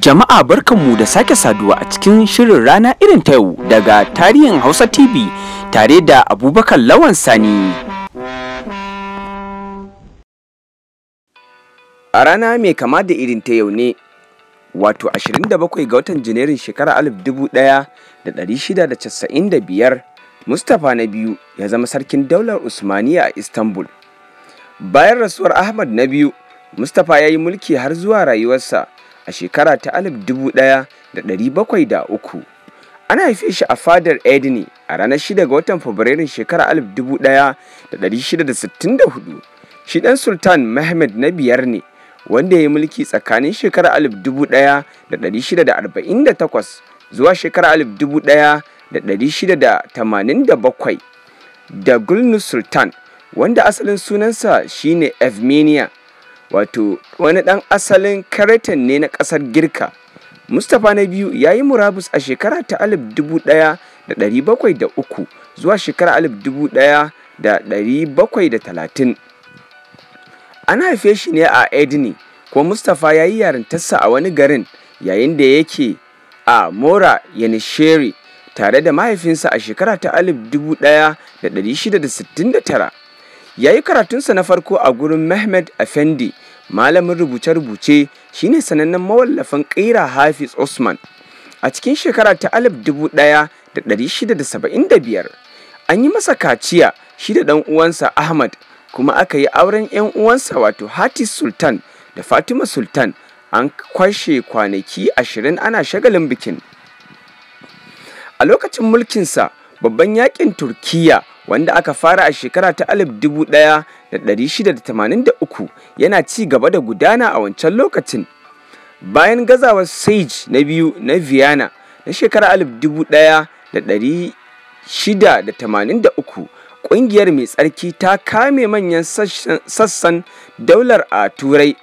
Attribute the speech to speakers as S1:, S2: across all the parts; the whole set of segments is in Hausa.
S1: Jama'a barkanmu da sake saduwa a cikin shirin rana irin ta yau daga tarihin Hausa TV tare da Abubakar Lawan Sani. A rana mai kama da irin ta yau ne, wato 27 ga watan Janairun shekarar 1695, Mustapha na biyu ya zama sarkin daular Usmaniya a Istanbul. Bayan rasuwar Ahmad na biyu, Mustapha ya yi mulki har zuwa rayuwarsa. a shekara ta 1703 ana haife shi a fadar edini a ranar 6 ga watan fabrairun shekara 1664 shi ɗan sultan mehmed na biyar ne wanda ya yi mulki tsakanin shekara 1648 zuwa shekara 1687 da gulnu sultan wanda asalin sunansa shine evmenia wato wani ɗan asalin karetan ne na ƙasar girka mustapha na biyu ya yi murabus a shekara ta 1703 zuwa shekara 1730 an haife shi ne a edini kuma mustapha ya yi yarintarsa a wani garin yayin da yake a mora yanisheri tare da mahaifinsa a shekara ta 1669 ya yi karatunsa na farko a gurin mehmed effendi malamin rubuce-rubuce shine sanannen mawallafin ƙira hafiz usman a cikin shekara ta 1675 an yi masa kaciya shi da ɗan uwansa ahmad kuma aka yi auren 'yan uwansa wato hatis sultan da fatima sultan an kwashe kwanaki ashirin ana shagalin bikin a lokacin mulkinsa babban yakin turkiya wanda aka fara a shekara ta 1683 yana ci gaba da gudana a wancan lokacin bayan gazawar sage na biyu na vienna na shekara 1683 ƙungiyar mai tsarki ta kame manyan sassan daular a turai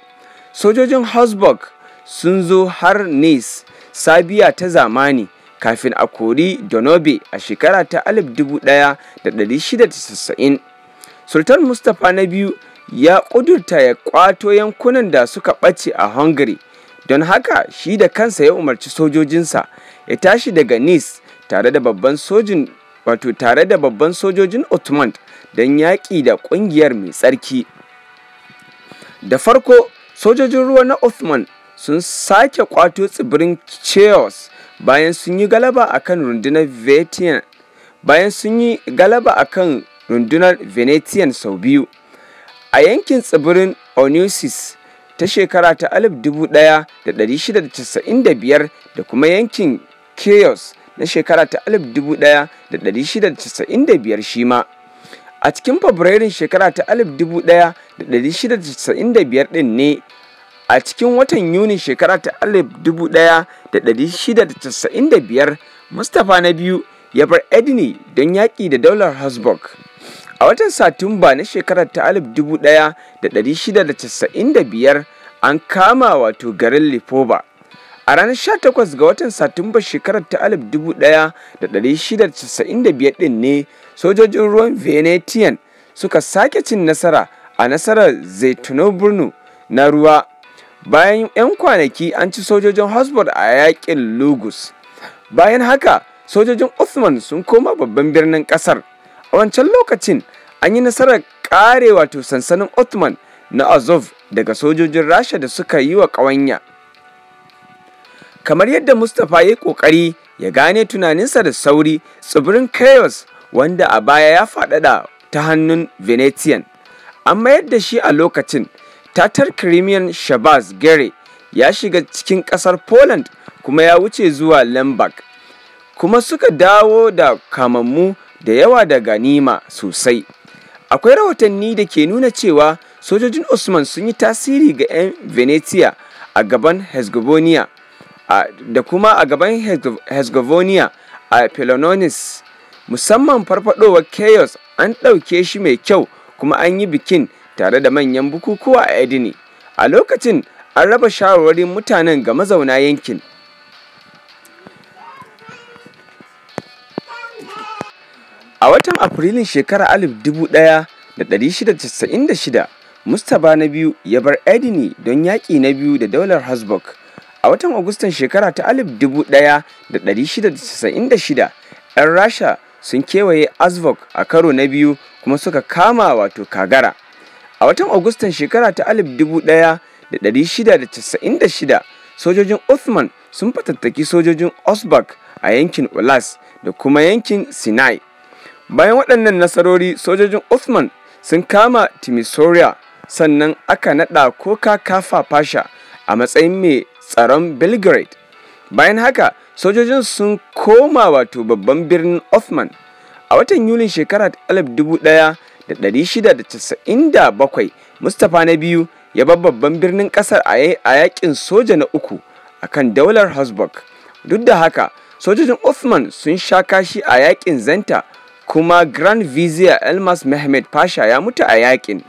S1: sojojin habsburg sun zo har nice sabiya ta zamani kafin a kori donobe a shekara ta 1690 sultan mustapha na biyu ya ƙudurta ya ƙwato yankunan da suka ɓace a hungary don haka shi da kansa ya umarci sojojinsa ya tashi daga nice tare da babban sojin wato tare da babban sojojin ottoman don yaƙi da ƙungiyar mai tsarki da farko sojojin ruwa na Ottoman sun sake kwato tsibirin chaos bayan sun yi galaba akan rundunar venetian bayan sun yi galaba akan rundunar venetian sau biyu a yankin tsibirin onusis ta shekara ta 1695 da kuma yankin chaos na shekara ta 1695 shima a cikin fabrairun shekara ta 1695 ɗin ne a cikin watan yuni shekara ta 1695 mustapha na biyu ya bar edini don yaƙi da daular habsburg a watan satumba na shekarar ta 1695 an kama wato garin lipoba a ranar sha 18 ga watan satumba shekarar ta 1695 din ne sojojin ruwan venetian suka sake cin nasara a nasarar zaitunan birnu na ruwa bayan 'yan kwanaki an ci sojojin hotspot a yakin lagos bayan haka sojojin othman sun koma babban birnin kasar a wancan lokacin an yi nasarar kare wato sansanin othman na azov daga sojojin rasha da suka yi wa ƙawanya kamar yadda mustapha ya yi ƙoƙari ya gane tunaninsa da sauri tsibirin chaos wanda a baya ya faɗaɗa ta hannun venetian an mayar da shi a lokacin tatar Crimean Shabazz Gere ya shiga cikin ƙasar Poland kuma ya wuce zuwa Lemberg, kuma suka dawo da kamammu da yawa daga nima sosai. Akwai rahotanni da ke nuna cewa sojojin Usman sun yi tasiri ga 'yan Venetia a gaban Hezgovonia da kuma a gaban Hezgovonia a Pelononis, musamman farfadowar Chaos an ɗauke shi mai kyau kuma an yi bikin tare da manyan bukukuwa a Edini. A lokacin an raba shawarwarin mutanen ga mazauna yankin. A watan Afrilun shekarar 1696, Mustapha na biyu ya bar Edini don yaƙi na biyu da daular Habsburg. A watan Agustan shekara ta 1696, 'yan Rasha sun kewaye Azvok a karo na biyu kuma suka kama wato Kagara. A watan Agustan shekara ta 1696, sojojin Othman sun fatattaki sojojin Osbak a yankin Ulas da kuma yankin Sinai. Bayan waɗannan nasarori, sojojin Othman sun kama Timisoria sannan aka naɗa Koka Kafa fasha a matsayin mai tsaron Belgrade. Bayan haka, sojojin sun koma wato babban birnin Othman. A watan Yulin shekara 1900 da mustapha na biyu ya bar babban birnin kasar a yakin soja na uku a kan daular habsburg duk da haka sojojin othman sun sha kashi a yakin zanta kuma grand vizier elmas mehmed pasha ya mutu a yakin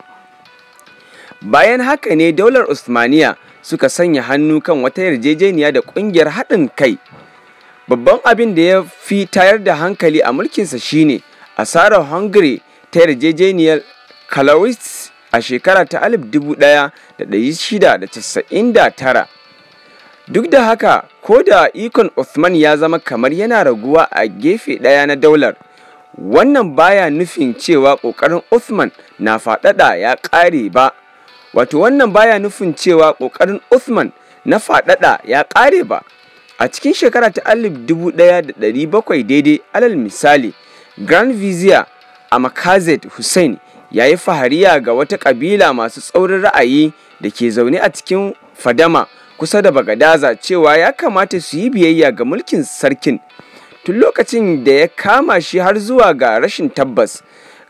S1: bayan haka ne daular usmaniya suka sanya hannu kan wata yarjejeniya da kungiyar haɗin kai babban abin da ya fi tayar da hankali a mulkinsa shine asarar hungary ta yarjejeniyar Kalawis a shekara ta 1699. Duk da haka, ko da ikon Othman ya zama kamar yana raguwa a gefe ɗaya na daular, wannan baya nufin cewa ƙoƙarin Othman na faɗaɗa ya ƙare ba. Wato wannan baya nufin cewa ƙoƙarin Othman na faɗaɗa ya ƙare ba. A cikin shekara ta 1700 daidai alal misali, Grand Vizier amakazet hussein ya yi fahariya ga wata ƙabila masu tsaurin ra'ayi da ke zaune a cikin fadama kusa da bagadaza cewa ya kamata su yi biyayya ga mulkin sarkin tun lokacin da ya kama shi har zuwa ga rashin tabbas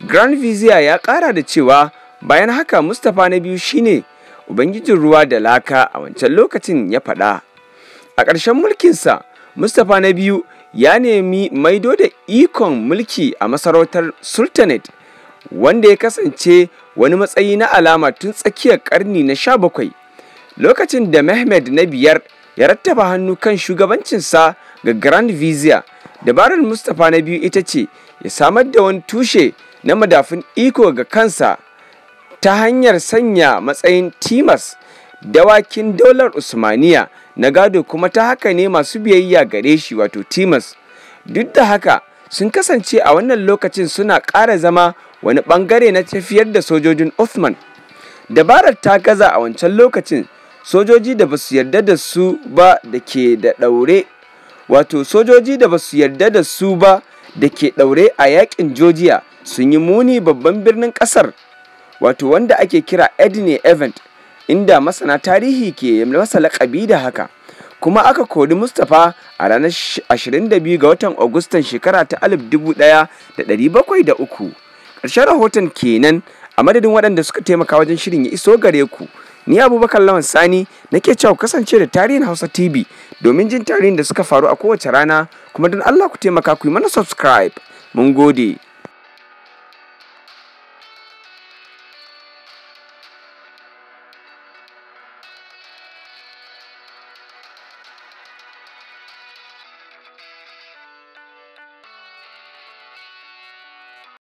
S1: grand vizier ya ƙara da cewa bayan haka mustapha na biyu shine ubangijin ruwa da laka a wancan lokacin ya faɗa a ƙarshen mulkinsa mustapha na biyu ya nemi maido da ikon mulki a masarautar sultanate wanda ya kasance wani matsayi na alama tun tsakiyar karni na sha bakwai. lokacin da mehmed na biyar ya rattaba hannu kan shugabancinsa ga grand vizier dabarar mustapha na biyu ita ce ya samar da wani tushe na madafin iko ga kansa ta hanyar sanya matsayin timas dawakin daular usmaniya na gado kuma ta haka ne masu biyayya gare shi wato timas duk da haka sun kasance a wannan lokacin suna ƙara zama wani ɓangare na tafiyar da sojojin Othman. Dabarar ta gaza a wancan lokacin sojoji da basu yarda da su ba da ke da ɗaure wato sojoji da basu yarda da su ba da ke ɗaure a yakin Georgia sun yi muni babban birnin ƙasar wato wanda ake kira Edney Event inda masana tarihi ke masa ƙabi da haka kuma aka kori mustapha a ranar 22 ga watan agustan shekara ta 1703 ƙarshen rahoton kenan a madadin waɗanda suka taimaka wajen shirin ya iso gare ku ni abubakar lawan sani nake cewa kasance da tarihin hausa tv domin jin tarihin da suka faru a kowace rana kuma don allah ku taimaka ku yi mana subscribe mun gode